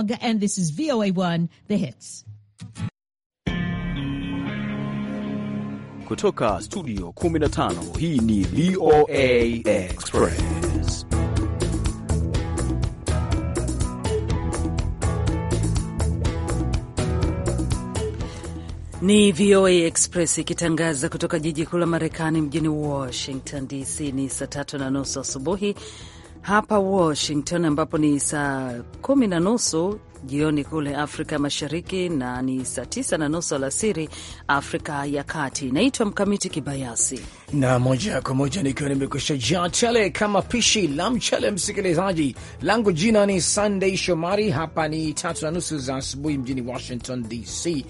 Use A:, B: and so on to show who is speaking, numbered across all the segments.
A: Hogg, and this is VOA1 The Hits.
B: Kutoka studio 15 hii ni VOA
A: Express. Ni VOA Express ikitangaza kutoka jiji kuu la Marekani mjini Washington DC. Ni saa tatu na nusu asubuhi hapa Washington ambapo ni saa kumi na nusu jioni kule Afrika Mashariki na ni saa tisa na nusu alasiri Afrika ya Kati. Naitwa Mkamiti Kibayasi
B: na moja kwa moja nikiwa nimekusha jaa tele kama pishi la mchele, msikilizaji langu jina ni Sunday Shomari. Hapa ni tatu na nusu za asubuhi mjini Washington DC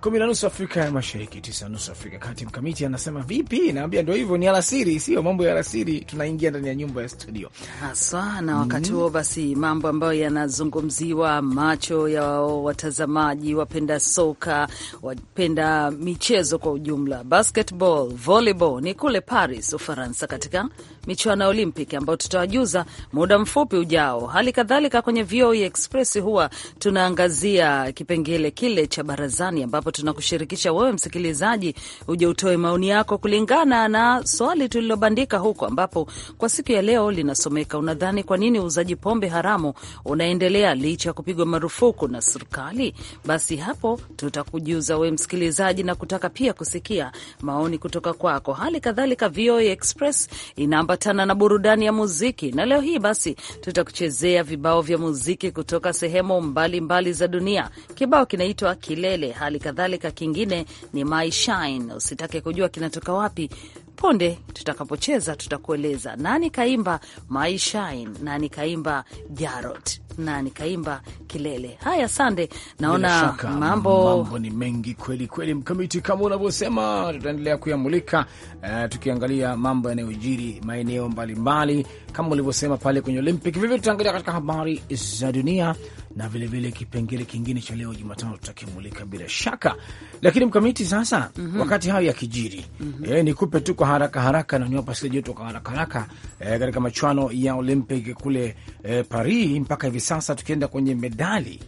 B: kumi na nusu Afrika ya Mashariki, tisa nusu Afrika Kati. Mkamiti anasema vipi? Naambia ndo hivyo, ni alasiri, sio mambo ya alasiri, tunaingia
A: ndani ya nyumba ya studio haswa na wakati huo mm. Basi mambo ambayo yanazungumziwa, macho ya watazamaji, wapenda soka, wapenda michezo kwa ujumla, basketball, volleyball, ni kule Paris, Ufaransa, katika michuano ya Olympic ambayo tutawajuza muda mfupi ujao. Hali kadhalika kwenye VOA e Express huwa tunaangazia kipengele kile cha barazani, ambapo tunakushirikisha wewe msikilizaji uje utoe maoni yako kulingana na swali tulilobandika huko, ambapo kwa siku ya leo linasomeka: unadhani kwa nini uuzaji pombe haramu unaendelea licha ya kupigwa marufuku na serikali? Basi hapo tutakujuza wewe msikilizaji, na kutaka pia kusikia maoni kutoka kwako. Hali kadhalika VOA e Express inamba kufuatana na burudani ya muziki, na leo hii basi tutakuchezea vibao vya muziki kutoka sehemu mbalimbali mbali za dunia. Kibao kinaitwa Kilele, hali kadhalika kingine ni My Shine. Usitake kujua kinatoka wapi. Punde tutakapocheza tutakueleza nani kaimba My Shine, nani kaimba Jarot na nikaimba kilele. Haya, sande, naona
B: mambo mambo ni mengi kweli kweli, mkamiti kama unavyosema, tutaendelea kuyamulika uh, tukiangalia mambo yanayojiri maeneo mbalimbali kama ulivyosema pale kwenye Olympic. Vivyo tutaangalia katika habari za dunia na vilevile kipengele kingine cha leo Jumatano tutakimulika bila shaka, lakini mkamiti sasa, mm -hmm. wakati hayo yakijiri, mm -hmm. eh, nikupe tu kwa haraka haraka na niwapa sije joto kwa haraka haraka eh, katika machwano ya Olympic kule e, Paris mpaka hivi sasa tukienda kwenye medali,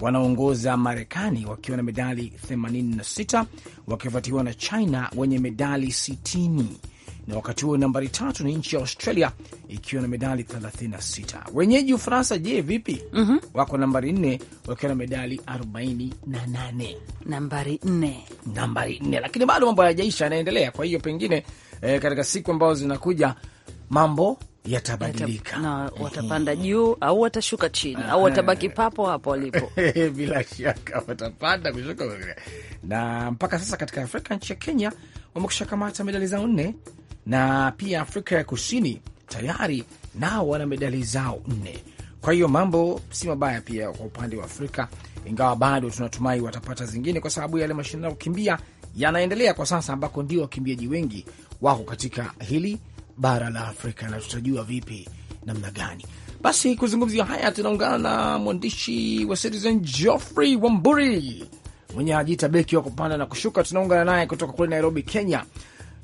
B: wanaongoza Marekani wakiwa na medali 86 wakifuatiwa na China wenye medali 60 na wakati huo nambari tatu ni nchi ya Australia ikiwa na medali 36. Wenyeji Ufaransa, je, vipi? mm -hmm. Wako nambari nne wakiwa na medali 48,
A: nambari nne, nambari nne,
B: lakini bado mambo hayajaisha, yanaendelea. Kwa hiyo pengine eh, katika siku ambazo zinakuja mambo yatabadilika
A: na watapanda juu au watashuka chini au watabaki papo hapo walipo bila shaka watapanda kushuka. Na mpaka sasa katika Afrika,
B: nchi ya Kenya wamekusha kamata medali zao nne, na pia Afrika ya Kusini tayari nao wana medali zao nne. Kwa hiyo mambo si mabaya pia kwa upande wa Afrika, ingawa bado tunatumai watapata zingine, kwa sababu yale mashindano ya kukimbia yanaendelea kwa sasa, ambako ndio wakimbiaji wengi wako katika hili bara la Afrika na tutajua vipi namna gani. Basi kuzungumzia haya, tunaungana na mwandishi wa Citizen Geoffrey Wamburi mwenye ajita beki wa kupanda na kushuka. Tunaungana naye kutoka kule Nairobi, Kenya.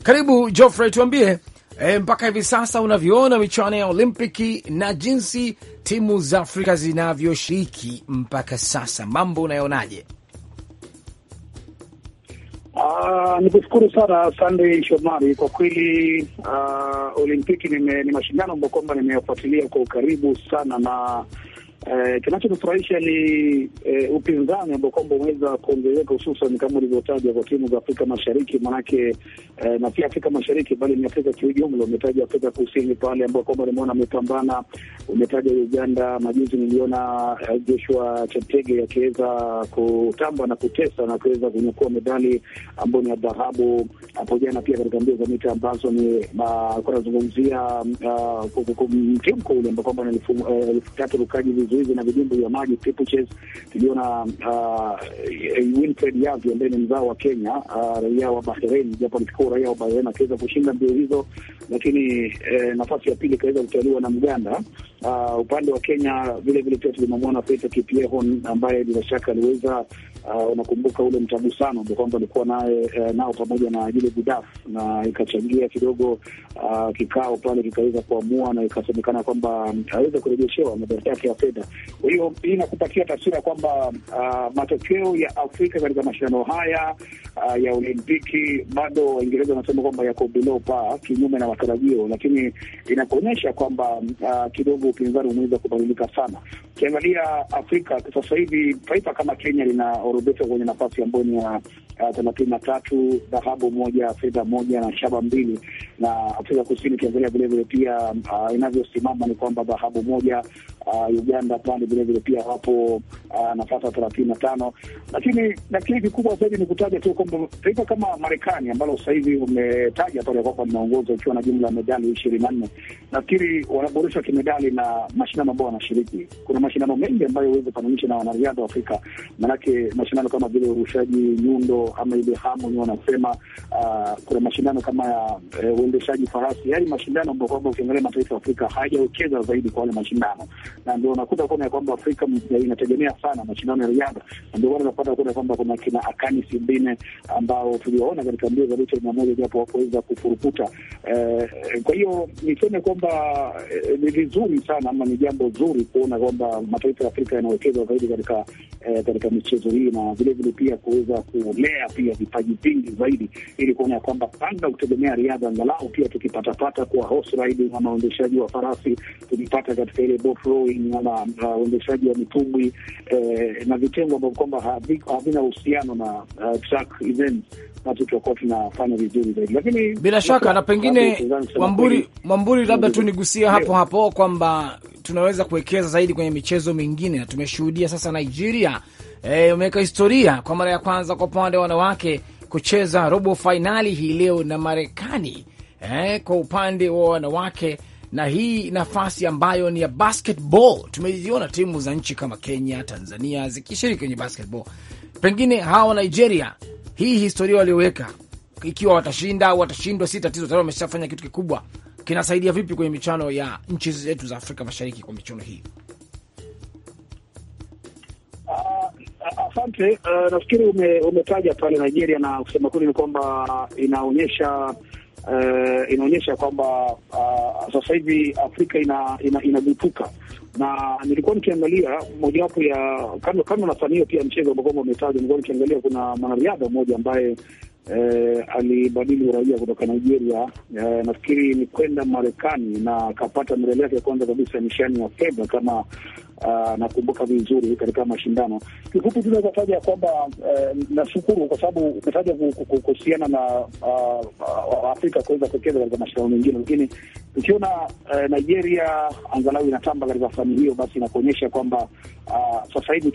B: Karibu Geoffrey, tuambie e, mpaka hivi sasa unavyoona michuano ya Olimpiki na jinsi timu za Afrika zinavyoshiriki mpaka sasa, mambo unayoonaje?
C: Ah, ni kushukuru sana Sunday Shomari kwa kweli. Uh, Olimpiki ni mashindano ambayo kwamba nimeyafuatilia kwa ukaribu sana na Eh, kinachotufurahisha ni eh, upinzani ambao kwamba umeweza kuongezeka hususan kama ulivyotaja kwa timu za Afrika Mashariki manake eh, na pia Afrika Mashariki bali ni Afrika kiujumla. Umetaja Afrika Kusini pale ambao kwamba nimeona amepambana, umetaja Uganda. Majuzi niliona eh, Joshua Cheptege akiweza kutamba na kutesa na kuweza kunyakua medali ambayo ni ya dhahabu hapo jana, pia katika mbio za mita ambazo ni alikuwa anazungumzia eh, mtimko ule ambao kwamba elfu eh, tatu rukaji vizuri mazoezi na vidimbwi vya maji Papuches. Tuliona uh, eh, Winfred Yavi ambaye ni mzao wa Kenya, uh, raia wa Bahrain, japo alichukua uraia wa Bahrain akiweza kushinda mbio hizo, lakini eh, nafasi ya pili ikaweza kutaliwa na Mganda. Uh, upande wa Kenya vile vile pia tulimwona Peter Kipyegon ambaye bila shaka aliweza uh, unakumbuka ule mtagusano ambao kwamba alikuwa naye eh, nao pamoja na yule Gudaf na ikachangia kidogo uh, kikao pale kikaweza kuamua na ikasemekana kwamba mm, aweze kurejeshewa madaraka yake ya fedha. Kwa hiyo hii inakupatia taswira kwamba uh, matokeo ya Afrika katika mashindano haya uh, ya Olimpiki bado Waingereza wanasema kwamba yako below par, kinyume na matarajio, lakini inakuonyesha kwamba uh, kidogo upinzani umeweza kubadilika sana. Ukiangalia Afrika sasa hivi taifa kama Kenya linaorodheshwa kwenye nafasi ambayo ni ya thelathini na tatu, dhahabu moja, fedha moja na shaba mbili. Na Afrika Kusini ukiangalia vilevile pia uh, inavyosimama ni kwamba dhahabu moja uh, Uganda pande vilevile pia wapo uh, nafasi thelathini na tano, lakini lakini kikubwa zaidi ni kutaja tu kwamba taifa kama Marekani ambalo sasa hivi umetaja pale kwamba linaongoza ikiwa na jumla ya medali ishirini na nne, nafikiri wanaboreshwa kimedali na mashindano ambayo wanashiriki. Kuna mashindano mengi ambayo huwezi kufananisha na wanariadha wa Afrika, maanake mashindano kama vile urushaji nyundo ama ile hamu ni wanasema, uh, kuna mashindano kama ya eh, uendeshaji uh, farasi, yaani mashindano ambayo kwamba ukiangalia mataifa ya Afrika hayajawekeza zaidi kwa wale mashindano na ndio unakuta kuona kwamba Afrika inategemea sana mashindano ya riadha, na ndio maana unapata kuona kwamba kuna kina Akani Simbine ambao tuliwaona katika mbio za mita mia moja japo wakuweza kufurukuta. Eh, Kwa hiyo niseme kwamba eh, ni vizuri sana ama ni jambo zuri kuona kwamba mataifa ya Afrika yanawekezwa zaidi katika eh, katika michezo hii na vilevile pia kuweza kulea pia vipaji vingi zaidi, ili kuona kwamba panga kutegemea riadha angalau pia tukipatapata kwa horse riding ama uendeshaji wa farasi tulipata katika ile rowing ama uendeshaji wa mitumbwi eh, na vitengo ambavyo kwamba havina uhusiano na eh, track events tunafanya vizuri zaidi, lakini bila shaka na pengine ah,
B: Mwamburi, labda tu mm-hmm. nigusia hapo hapo kwamba tunaweza kuwekeza zaidi kwenye michezo mingine, na tumeshuhudia sasa Nigeria wameweka eh, historia kwa mara ya kwanza kwa upande wa wanawake kucheza robo fainali hii leo na Marekani kwa upande wa wanawake na hii nafasi ambayo ni ya basketball. Tumeziona timu za nchi kama Kenya, Tanzania zikishiriki kwenye basketball. Pengine hawa Nigeria, hii historia walioweka, ikiwa watashinda au watashindwa, si tatizo, tayari wameshafanya kitu kikubwa. Kinasaidia vipi kwenye michano ya nchi zetu za Afrika Mashariki kwa michano hii?
C: Asante. Uh, uh, nafikiri ume, umetaja pale Nigeria na kusema kweli ni kwamba inaonyesha uh, inaonyesha kwamba uh, sasa hivi Afrika inagutuka ina, ina na nilikuwa nikiangalia mojawapo ya kando kando na fanio pia mchezo ambao kwamba umetajwa, nilikuwa nikiangalia kuna mwanariadha mmoja ambaye eh, alibadili uraia kutoka Nigeria eh, nafikiri ni kwenda Marekani na akapata medali yake ya kwanza kabisa nishani ya fedha kama Uh, nakumbuka vizuri katika mashindano. Kifupi tunaweza taja kwamba eh, nashukuru kwa sababu umetaja kuhusiana na uh, Afrika kuweza kuekeza katika mashindano mengine, lakini Ukiona uh, Nigeria angalau inatamba katika fani hiyo, basi inakuonyesha kwamba uh, sasa hivi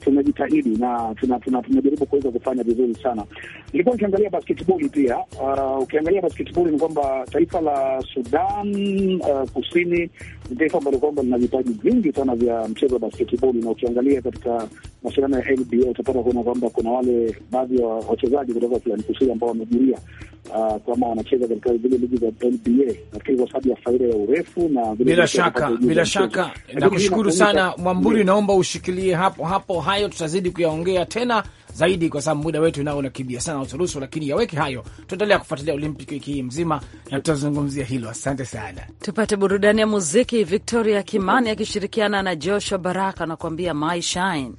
C: tunajitahidi na tunajaribu kuweza kufanya vizuri sana. Nilikuwa nikiangalia basketball pia. Uh, ukiangalia basketball ni kwamba taifa la Sudan uh, Kusini ni taifa ambalo kwamba lina vipaji vingi sana vya mchezo wa basketball, na ukiangalia katika mashindano ya NBA utapata kuona kwamba kuna wale baadhi ya wachezaji kutoka Sudan Kusini ambao wamejiria uh, ah, kama wanacheza katika zile ligi za NBA nafikiri kwa sababu ya faida ya urefu na bila shaka, bila shaka. Nakushukuru sana Mwamburi,
B: naomba ushikilie hapo hapo. Hayo tutazidi kuyaongea tena zaidi, kwa sababu muda wetu nao unakimbia sana uturuhusu, lakini yaweke hayo. Tutaendelea kufuatilia Olimpiki wiki hii mzima na tutazungumzia hilo. Asante sana,
A: tupate burudani ya muziki. Victoria Kimani akishirikiana na Joshua Baraka anakuambia my shine.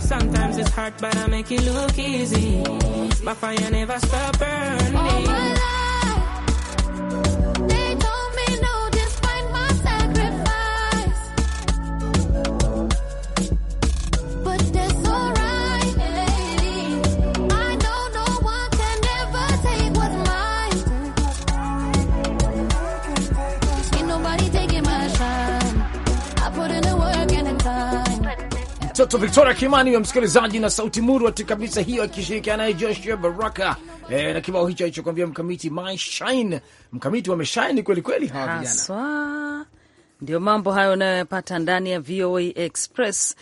D: Sometimes it's hard, but I make it look easy. My fire never stop burning. my
B: Toto Victoria Kimani huyo msikilizaji, na sauti murwati kabisa hiyo, akishirikiana naye Joshua Baraka e, na kibao hicho alichokwambia mkamiti my shine. Mkamiti wameshine kweli kweli hawa
A: vijana, ndio mambo hayo unayoyapata ndani ya VOA Express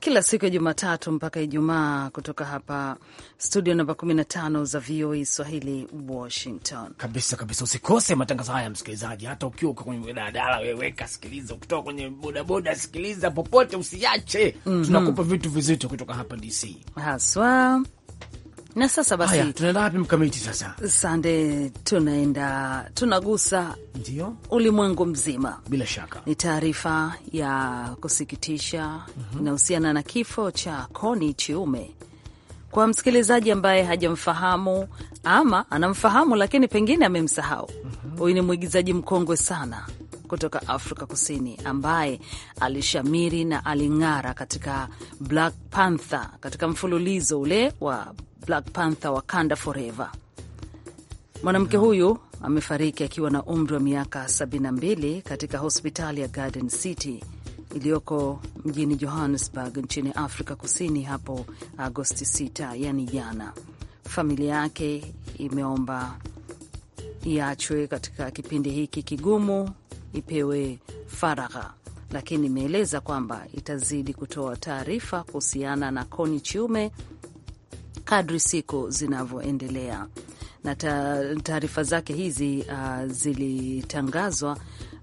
A: kila siku ya Jumatatu mpaka Ijumaa kutoka hapa studio namba 15 za VOA e Swahili, Washington. Kabisa kabisa, usikose matangazo haya msikilizaji, hata ukiwa uko kwenye
B: bodaboda weweka sikiliza, ukitoka kwenye bodaboda sikiliza, popote usiache. mm -hmm. Tunakupa vitu vizito kutoka hapa DC
A: haswa. Na sasa basi
B: tunaenda wapi mkamiti? Sasa
A: sande, tunaenda tunagusa ndio ulimwengu mzima, bila shaka ni taarifa ya kusikitisha mm -hmm. Inahusiana na kifo cha Koni Chiume. Kwa msikilizaji ambaye hajamfahamu ama anamfahamu lakini pengine amemsahau, mhm. huyu mm -hmm. ni mwigizaji mkongwe sana kutoka Afrika Kusini ambaye alishamiri na aling'ara katika Black Panther, katika mfululizo ule wa Black Panther Wakanda Forever. Mwanamke huyu amefariki akiwa na umri wa miaka 72 katika hospitali ya Garden City iliyoko mjini Johannesburg nchini Afrika Kusini hapo Agosti 6, yani jana. Familia yake imeomba iachwe katika kipindi hiki kigumu, ipewe faragha, lakini imeeleza kwamba itazidi kutoa taarifa kuhusiana na Koni Chiume kadri siku zinavyoendelea. Na taarifa zake hizi uh, zilitangazwa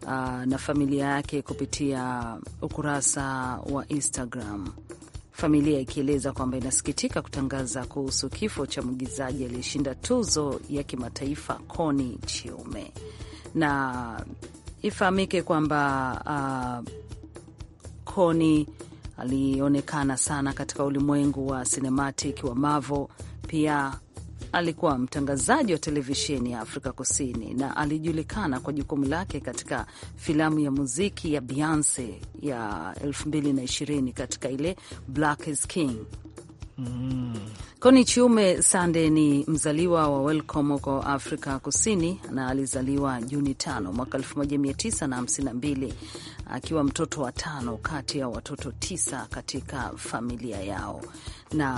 A: uh, na familia yake kupitia ukurasa wa Instagram familia ikieleza kwamba inasikitika kutangaza kuhusu kifo cha mwigizaji aliyeshinda tuzo ya kimataifa Koni Chiume, na ifahamike kwamba uh, Koni alionekana sana katika ulimwengu wa cinematic wa Marvel pia alikuwa mtangazaji wa televisheni ya Afrika Kusini na alijulikana kwa jukumu lake katika filamu ya muziki ya Beyonce ya 2020 katika ile Black is King. Mm. Koni Chiume Sande ni mzaliwa wa Welcome huko Afrika Kusini na alizaliwa Juni 5 mwaka 1952 akiwa mtoto wa tano kati ya watoto tisa katika familia yao, na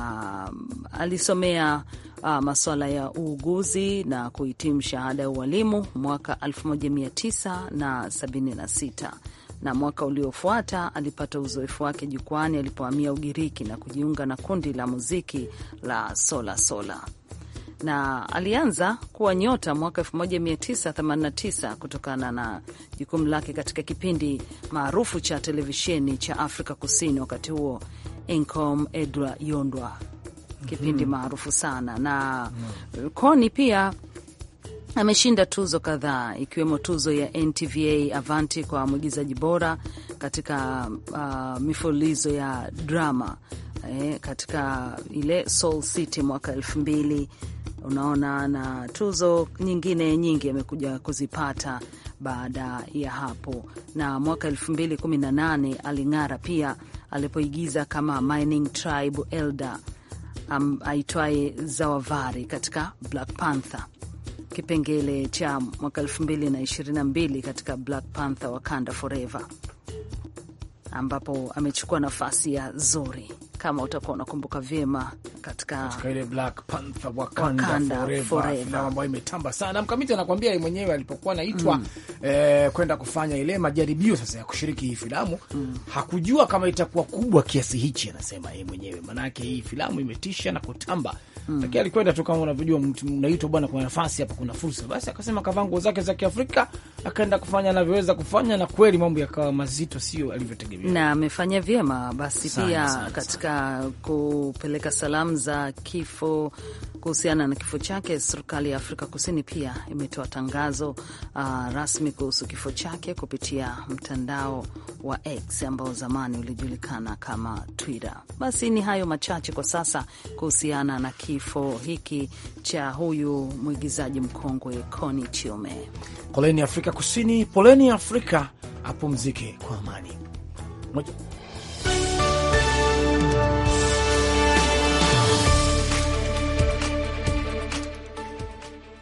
A: mm, alisomea uh, masuala ya uuguzi na kuhitimu shahada ya ualimu mwaka 1976 na mwaka uliofuata alipata uzoefu wake jukwani alipohamia Ugiriki na kujiunga na kundi la muziki la Sola Sola na alianza kuwa nyota mwaka 1989 kutokana na jukumu lake katika kipindi maarufu cha televisheni cha Afrika Kusini wakati huo, Incom Edwa Yondwa, kipindi mhm. maarufu sana na mm -hmm. Koni pia ameshinda tuzo kadhaa ikiwemo tuzo ya NTVA Avanti kwa mwigizaji bora katika uh, mifululizo ya drama eh, katika ile Soul City mwaka elfu mbili unaona, na tuzo nyingine nyingi amekuja kuzipata baada ya hapo. Na mwaka elfu mbili kumi na nane aling'ara pia alipoigiza kama Mining Tribe Elder um, aitwaye Zawavari katika Black Panther kipengele cha mwaka 2022 katika Black Panther Wakanda Forever, ambapo amechukua nafasi ya Zori kama utakuwa unakumbuka vyema katika ile Black Panther Wakanda, Wakanda Forever, filamu ambayo imetamba sana. Mkamiti anakuambia
B: yeye mwenyewe alipokuwa anaitwa mm. eh, kwenda kufanya ile majaribio sasa ya kushiriki hii filamu mm. hakujua kama itakuwa kubwa kiasi hichi, anasema yeye mwenyewe, maanake hii filamu imetisha na kutamba
E: mm.
D: Lakini
B: alikwenda tu kama unavyojua, mtu unaitwa bwana, kuna nafasi hapa, kuna fursa, basi akasema kavaa nguo zake za Kiafrika akaenda kufanya anavyoweza kufanya, na kweli mambo yakawa mazito, sio
A: alivyotegemea, na amefanya vyema. Basi sana, pia sana, katika sana, kupeleka salamu za kifo kuhusiana na kifo chake, serikali ya Afrika Kusini pia imetoa tangazo uh, rasmi kuhusu kifo chake kupitia mtandao wa X ambao zamani ulijulikana kama Twitter. Basi ni hayo machache kwa sasa kuhusiana na kifo kifo hiki cha huyu mwigizaji mkongwe Koni Chiume.
B: Poleni Afrika Kusini, poleni Afrika, apumzike kwa amani.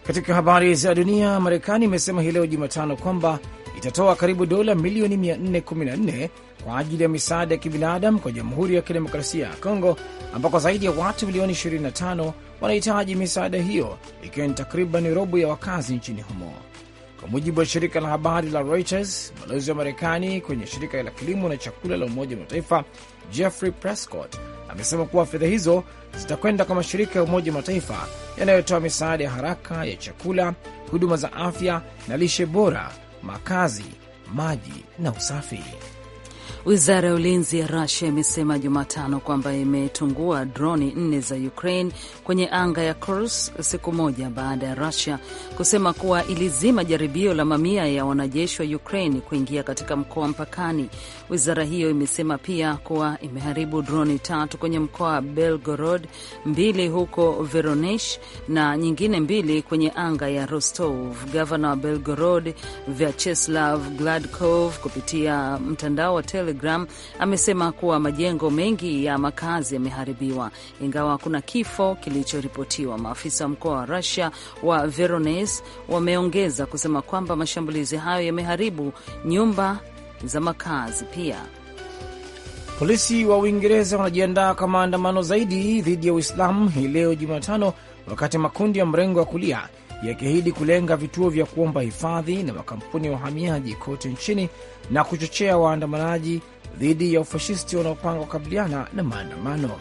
B: Katika habari za dunia, Marekani imesema hii leo Jumatano kwamba itatoa karibu dola milioni 414 kwa ajili ya misaada ya kibinadamu kwa Jamhuri ya Kidemokrasia ya Kongo, ambako zaidi ya watu milioni 25 wanahitaji misaada hiyo, ikiwa ni takriban robo ya wakazi nchini humo. Kwa mujibu wa shirika la habari la Reuters, balozi wa Marekani kwenye shirika la kilimo na chakula la Umoja wa Mataifa Jeffrey Prescott amesema kuwa fedha hizo zitakwenda kwa mashirika ya Umoja wa Mataifa yanayotoa misaada ya haraka ya chakula, huduma za afya na lishe bora, makazi, maji na usafi.
A: Wizara ya ulinzi ya Rusia imesema Jumatano kwamba imetungua droni nne za Ukraine kwenye anga ya Kursk siku moja baada ya Rusia kusema kuwa ilizima jaribio la mamia ya wanajeshi wa Ukraine kuingia katika mkoa wa mpakani. Wizara hiyo imesema pia kuwa imeharibu droni tatu kwenye mkoa wa Belgorod, mbili huko Voronezh na nyingine mbili kwenye anga ya Rostov. Gavana wa Belgorod Vyacheslav Gladkov kupitia mtandao wa tele Instagram amesema kuwa majengo mengi ya makazi yameharibiwa, ingawa hakuna kifo kilichoripotiwa. Maafisa wa mkoa wa Rusia wa Veronese wameongeza kusema kwamba mashambulizi hayo yameharibu nyumba za makazi pia.
B: Polisi wa Uingereza wanajiandaa kwa maandamano zaidi dhidi ya Uislamu hii leo Jumatano, wakati makundi ya mrengo wa kulia yakiahidi kulenga vituo vya kuomba hifadhi na makampuni ya uhamiaji kote nchini na kuchochea waandamanaji dhidi ya ufashisti wanaopanga kukabiliana na maandamano.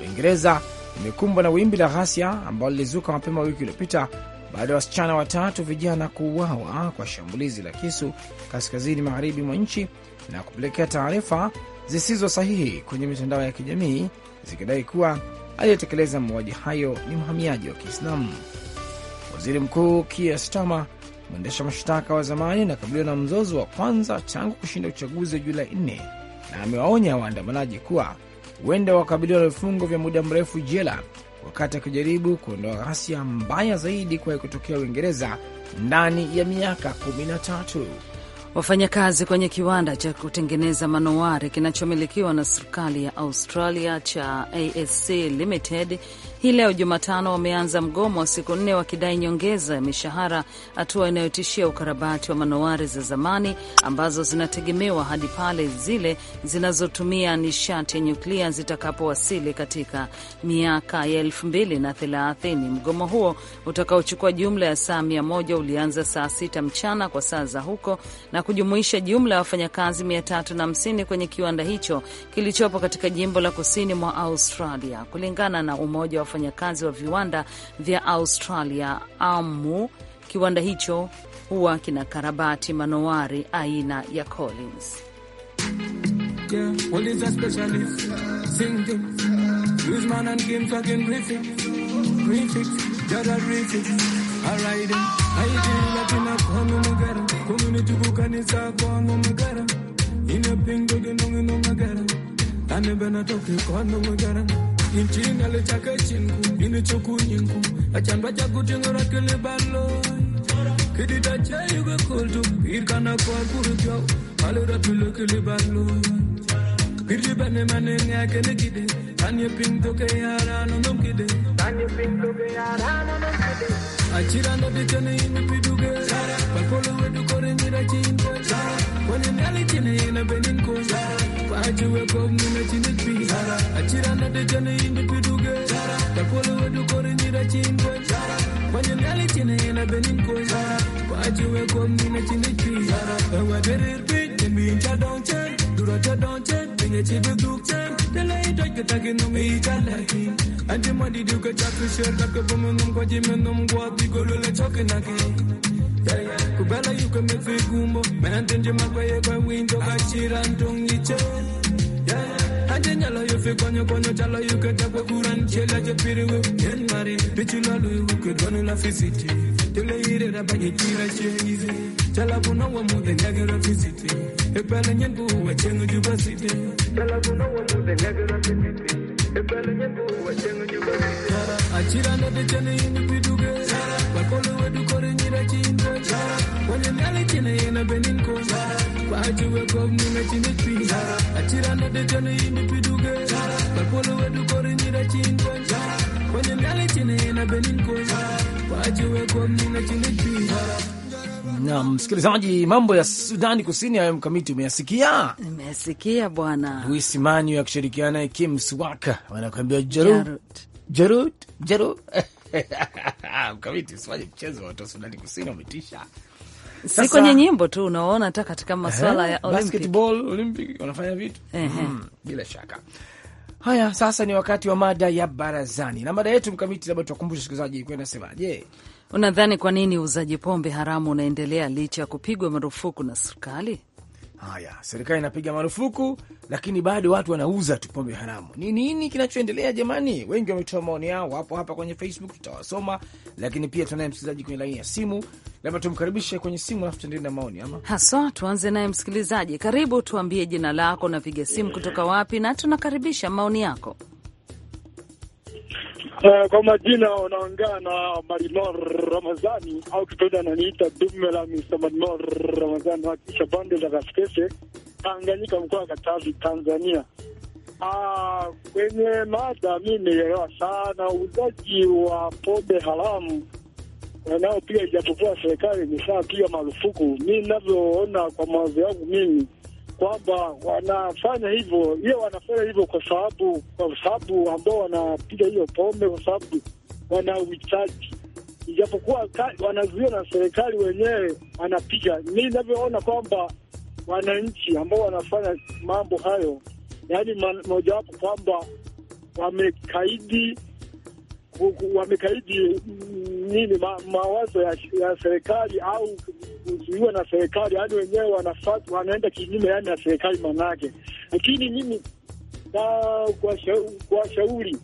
B: Uingereza imekumbwa na wimbi la ghasia ambalo lilizuka mapema wiki iliyopita baada ya wasichana watatu vijana kuuawa kwa shambulizi la kisu kaskazini magharibi mwa nchi na kupelekea taarifa zisizo sahihi kwenye mitandao ya kijamii zikidai kuwa aliyetekeleza mauaji hayo ni mhamiaji wa Kiislamu. Waziri Mkuu Keir Starmer, mwendesha mashtaka wa zamani, anakabiliwa na mzozo wa kwanza tangu kushinda uchaguzi wa Julai 4 na amewaonya waandamanaji kuwa huenda wakabiliwa na vifungo vya muda mrefu jela wakati akijaribu kuondoa ghasia mbaya zaidi kuwahi kutokea Uingereza
A: ndani ya miaka 13. Wafanyakazi kwenye kiwanda cha kutengeneza manowari kinachomilikiwa na serikali ya Australia cha ASC Limited hii leo Jumatano wameanza mgomo wa siku nne wakidai nyongeza ya mishahara, hatua inayotishia ukarabati wa manowari za zamani ambazo zinategemewa hadi pale zile zinazotumia nishati ya nyuklia zitakapowasili katika miaka ya elfu mbili na thelathini. Mgomo huo utakaochukua jumla ya saa mia moja ulianza saa sita mchana kwa saa za huko na kujumuisha jumla ya wafanyakazi mia tatu na hamsini kwenye kiwanda hicho kilichopo katika jimbo la kusini mwa Australia kulingana na Umoja wa wafanyakazi wa viwanda vya Australia AMU. Kiwanda hicho huwa kina karabati manowari aina ya Collins.
D: Yeah, inchinga le chaka chinku ini chokunyinku achandwa chakutengera kele balo Kidi kidida chayuge koltu irkana kwakurupyo alura tulo kele balo kiribane manenga kene gide tanye ping toke yara no nom gide
E: tanye ping toke yara no nom gide
D: achiranda dikene ini piduge balpolo wedu kore nyira chinko kwenye nyali chine ina beninko Zara bahati weko mune chinitpi achirana dejane indi piduge takolo wedu kore nyira chindwe kwanyanyali chine yena benin koy bahati weko mune chinitpi ewa derir pit tembin cha donchen dura cha donchen pinye chidu dukchen dele itoj ketagi numi ichalaki antimadi duke chakri sher takepomengum kwajimenum gwa digolole chokinaki kubela yuke mevigumbo mena ndenje makwaye kwa windo kachira ntongiche aje nyalo yofe konyo konyo chalo yuke takwe kuran chela je piriwe yen mari pichula luyu ke donu la fisiti tele ire da baje chira cheize chala kuna wa mude nagera fisiti epele nyen buwa chengu jubasiti chala kuna wa mude nagera fisiti Achira na de chene ini piduge Bakolo wedu kore nyira chindo Chara
B: na msikilizaji, mambo ya Sudani Kusini hayo mkamiti umeyasikia,
D: umeyasikia
B: bwana Luis Manyu akishirikiana naye Kim Swaka wanakuambia Jarut Jarut Jarut mkamiti, usifanye mchezo, watu wa Sudani Kusini wametisha
A: si kwenye nyimbo tu, unaona hata katika masuala eh, ya Olympic.
B: Basketball, Olympic wanafanya vitu mm, bila shaka. Haya, sasa ni wakati wa mada ya barazani,
A: na mada yetu mkamiti, labda tuwakumbushe sikilizaji ilikuwa inasemaje? Unadhani kwa nini uuzaji pombe haramu unaendelea licha ya kupigwa marufuku na serikali? Haya, serikali inapiga marufuku,
B: lakini bado watu wanauza tu pombe haramu. Ni nini kinachoendelea jamani? Wengi wametoa maoni yao, wapo hapa kwenye Facebook, tutawasoma lakini pia tunaye msikilizaji kwenye laini ya simu, labda
A: tumkaribishe kwenye simu alafu tuendelee na maoni ama haswa. Tuanze naye msikilizaji, karibu, tuambie jina lako, napiga simu eh. kutoka wapi, na tunakaribisha maoni yako.
F: Uh, kwa majina wanaongea na Marinor Ramazani au kipenda ananiita dume la Mr. Marinor Ramazani wakisha bande za Kaskese, Tanganyika, mkoa wa Katavi, Tanzania. Ah, kwenye mada mi nielewa sana uuzaji wa pombe haramu nao pia, ijapokuwa serikali pia marufuku, mi ninavyoona kwa mawazo yangu mimi kwamba wanafanya hivyo, hiyo wanafanya hivyo kwa sababu kwa sababu ambao wanapiga hiyo pombe, kwa sababu wana uhitaji, ijapokuwa wanazuia na serikali wenyewe wanapiga. Mi inavyoona kwamba wananchi ambao wanafanya mambo hayo, yaani mojawapo kwamba wamekaidi wamekaidi mm, nini ma, mawazo ya, ya serikali au kuzuiwa na serikali, hadi yaani wenyewe wanafuata wanaenda kinyume yani na serikali manake. Lakini mimi na kwa shauri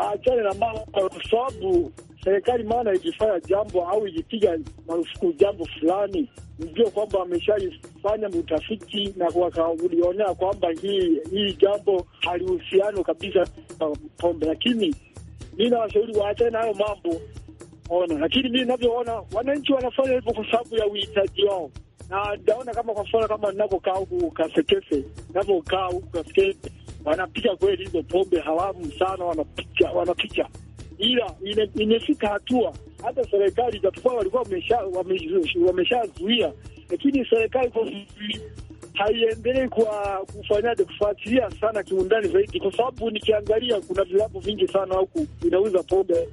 F: waachane na mara, kwa sababu serikali maana ikifanya jambo au ikipiga marufuku jambo fulani, ndio kwamba wameshaifanya utafiti na wakaulionea kwamba hii hii jambo halihusiano kabisa pombe, lakini mi nawashauri waachane na hayo mambo ona, lakini mimi ninavyoona wananchi wanafanya hivyo kwa sababu ya uhitaji wao, na ndaona kama kwa mfano kama ninavyokaa huku Kasekese, ninavyokaa huku Kasekese wanapika kweli hizo pombe haramu sana, wanapika ila imefika hatua hata serikali, japokuwa walikuwa wameshazuia, lakini serikali haiendelei kwa kufanyaje, kufuatilia sana kiundani zaidi, kwa sababu nikiangalia kuna vilabu vingi sana huku vinauza pombe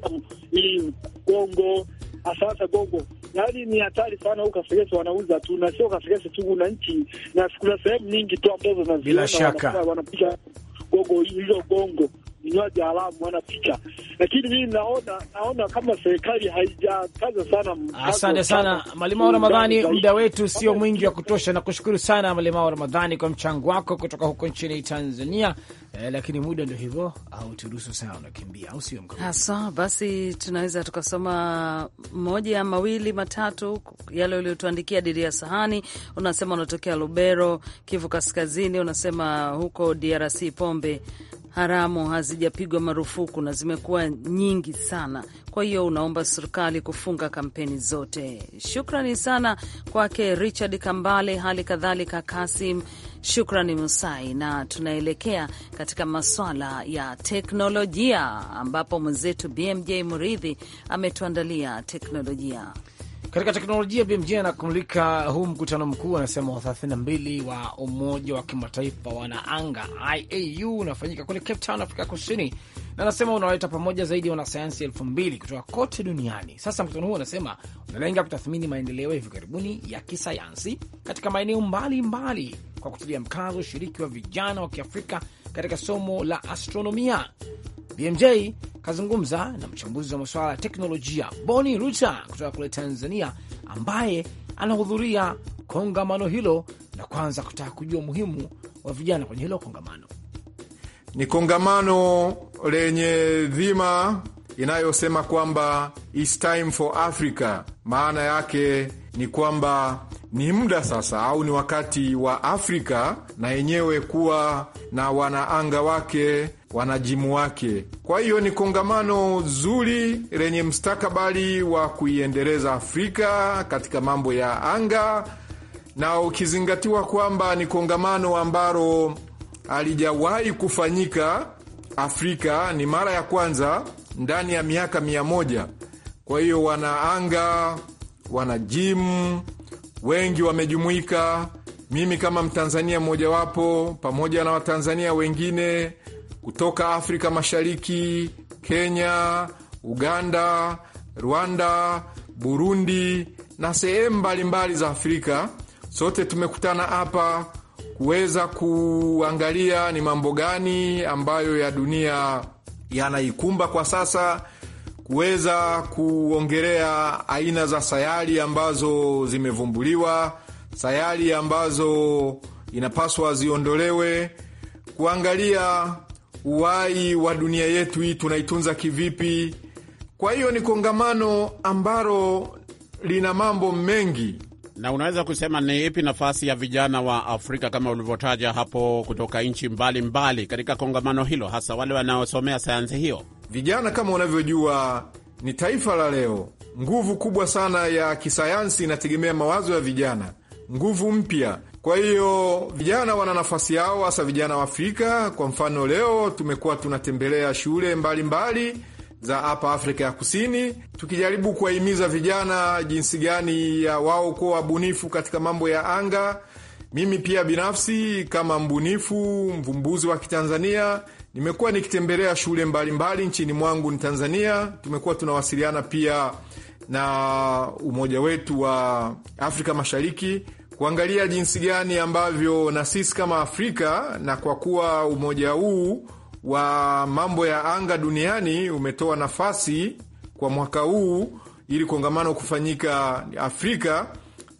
F: ili gongo, asasa gongo, yaani ni hatari sana huku kasegese wanauza tu, na sio kasegese tu, kuna nchi na kuna sehemu nyingi tu ambazo naziona wanapiga gogo hizo gongo vinywaji haramu wana picha, lakini mimi naona naona kama serikali haijakaza sana. Asante sana Malimao Ramadhani, muda
B: wetu sio mwingi wa kutosha, na kushukuru sana Malimao Ramadhani kwa mchango wako kutoka huko nchini Tanzania. Eh, lakini muda ndio hivyo, au turuhusu sana, unakimbia au sio?
A: Hasa basi, tunaweza tukasoma moja mawili matatu yale uliotuandikia. Didi ya Sahani unasema unatokea Lubero, Kivu Kaskazini, unasema huko DRC pombe haramu hazijapigwa marufuku na zimekuwa nyingi sana. Kwa hiyo unaomba serikali kufunga kampeni zote. Shukrani sana kwake Richard Kambale, hali kadhalika Kasim Shukrani Musai, na tunaelekea katika maswala ya teknolojia ambapo mwenzetu BMJ Muridhi ametuandalia teknolojia.
B: Katika teknolojia BMJ anakumulika huu mkutano mkuu anasema wa 32 wa Umoja wa Kimataifa Wanaanga IAU unafanyika kule Cape Town, Afrika Kusini, na anasema unawaleta pamoja zaidi ya wanasayansi elfu mbili kutoka kote duniani. Sasa mkutano huu anasema unalenga kutathmini maendeleo ya hivi karibuni ya kisayansi katika maeneo mbalimbali kwa kutilia mkazo ushiriki wa vijana wa Kiafrika katika somo la astronomia. BMJ kazungumza na mchambuzi wa masuala ya teknolojia Boni Ruta kutoka kule Tanzania, ambaye anahudhuria kongamano hilo, na kwanza kutaka kujua umuhimu wa vijana kwenye hilo kongamano.
G: Ni kongamano lenye dhima inayosema kwamba It's time for Africa. Maana yake ni kwamba ni muda sasa au ni wakati wa Afrika na yenyewe kuwa na wanaanga wake wanajimu wake. Kwa hiyo ni kongamano zuri lenye mstakabali wa kuiendeleza Afrika katika mambo ya anga, na ukizingatiwa kwamba ni kongamano ambalo halijawahi kufanyika Afrika, ni mara ya kwanza ndani ya miaka mia moja. Kwa hiyo wanaanga, wanajimu wengi wamejumuika, mimi kama Mtanzania mmojawapo pamoja na Watanzania wengine kutoka Afrika Mashariki, Kenya, Uganda, Rwanda, Burundi na sehemu mbalimbali za Afrika. Sote tumekutana hapa kuweza kuangalia ni mambo gani ambayo ya dunia yanaikumba kwa sasa, kuweza kuongelea aina za sayari ambazo zimevumbuliwa, sayari ambazo inapaswa ziondolewe, kuangalia uhai wa dunia yetu hii tunaitunza kivipi? Kwa hiyo ni kongamano ambalo lina mambo mengi na unaweza kusema ni ipi nafasi ya vijana wa Afrika kama ulivyotaja hapo, kutoka nchi mbalimbali katika kongamano hilo, hasa wale wanaosomea sayansi hiyo? Vijana kama unavyojua ni taifa la leo. Nguvu kubwa sana ya kisayansi inategemea mawazo ya vijana, nguvu mpya kwa hiyo vijana wana nafasi yao, hasa vijana wa Afrika. Kwa mfano, leo tumekuwa tunatembelea shule mbalimbali mbali za hapa Afrika ya Kusini, tukijaribu kuwahimiza vijana jinsi gani ya wao kuwa wabunifu katika mambo ya anga. Mimi pia binafsi kama mbunifu mvumbuzi wa Kitanzania nimekuwa nikitembelea shule mbalimbali mbali nchini mwangu ni Tanzania. Tumekuwa tunawasiliana pia na umoja wetu wa Afrika Mashariki kuangalia jinsi gani ambavyo na sisi kama Afrika, na kwa kuwa umoja huu wa mambo ya anga duniani umetoa nafasi kwa mwaka huu ili kongamano kufanyika Afrika,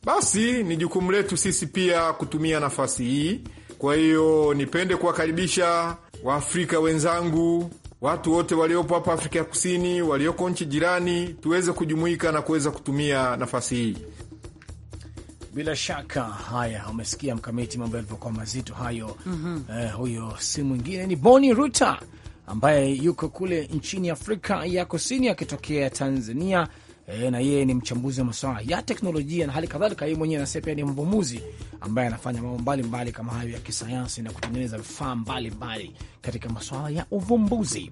G: basi ni jukumu letu sisi pia kutumia nafasi hii. Kwa hiyo nipende kuwakaribisha Waafrika wenzangu, watu wote waliopo hapa Afrika ya Kusini, walioko nchi jirani, tuweze kujumuika na kuweza kutumia nafasi hii.
B: Bila shaka haya, umesikia mkamiti mambo yalivyokuwa mazito hayo. mm -hmm. Eh, huyo si mwingine ni Boni Ruta ambaye yuko kule nchini Afrika ya Kusini akitokea Tanzania. Eh, na yeye ni mchambuzi wa masuala ya teknolojia na hali kadhalika, yeye mwenyewe anasema pia ni mvumuzi ambaye anafanya mambo mbalimbali kama hayo ya kisayansi na kutengeneza vifaa mbalimbali katika masuala ya uvumbuzi.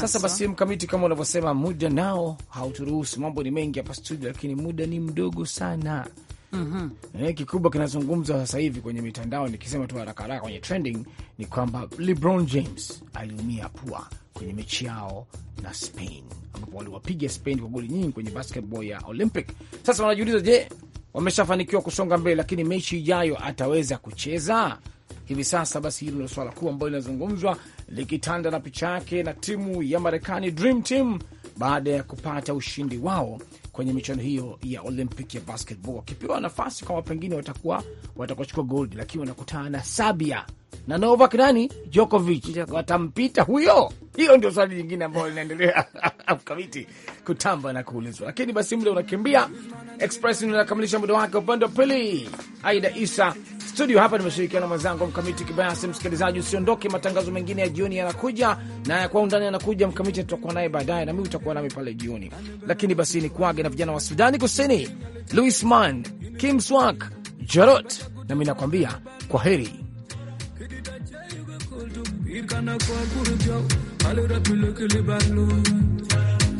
B: Sasa basi, Mkamiti, kama unavyosema, muda nao hauturuhusu, mambo ni mengi hapa studio, lakini muda ni mdogo sana mm -hmm. kikubwa kinazungumzwa sasa hivi kwenye mitandao, nikisema tu haraka haraka kwenye trending ni kwamba LeBron James aliumia pua kwenye mechi yao na Spain, ambapo waliwapiga Spain kwa goli nyingi kwenye basketball ya Olympic. Sasa wanajiuliza, je, wameshafanikiwa kusonga mbele, lakini mechi ijayo ataweza kucheza hivi sasa? Basi hilo ndio swala kuu ambalo linazungumzwa likitanda na picha yake na timu ya Marekani Dream Team baada ya kupata ushindi wao kwenye michuano hiyo ya Olympic ya basketball, wakipewa nafasi kwamba pengine watakuwa watakuchukua gold, lakini wanakutana na Sabia na Novak nani Djokovic watampita huyo? Hiyo ndio swali lingine ambayo linaendelea kamiti kutamba na kuulizwa, lakini basi mle unakimbia. Express inakamilisha muda wake upande wa pili. Aida Isa studio hapa, nimeshirikiana mwenzangu Mkamiti Kibayasi. Msikilizaji, usiondoke, matangazo mengine ya jioni yanakuja na ya kwa undani yanakuja. Mkamiti tutakuwa naye baadaye na mimi utakuwa nami pale jioni, lakini basi ni kuage na vijana wa Sudani Kusini, Louis Mand, Kim Swak Jarot, nami nakwambia kwa heri.
D: kana kwa kurup yo alura pilo kile balu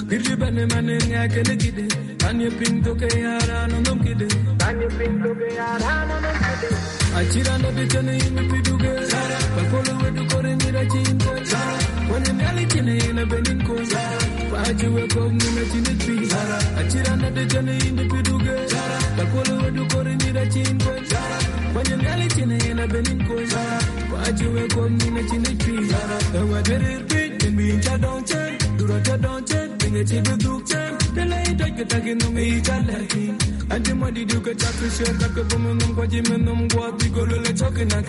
D: birli bane mane nya kene gide anye ping to ke yara no nom gide anye ping to ke yara no nom gide achira no bitane imi piduge bakolo wedu kore nira chinko kwenye miali chine ina beninko paji we pog nina chine tri achira no bitane imi piduge bakolo wedu kore nira chinko kwenye miali chine ina beninko Wajuwe gwamni na ciniki Da wadirir bin Din bin cha don chen Dura cha don chen Bin e chi buduk chen Dela i doj kata ki nung i cha laki Anti mo di duka cha krisyon Kake bumunum kwa jimenum Gwa tigolo le chokin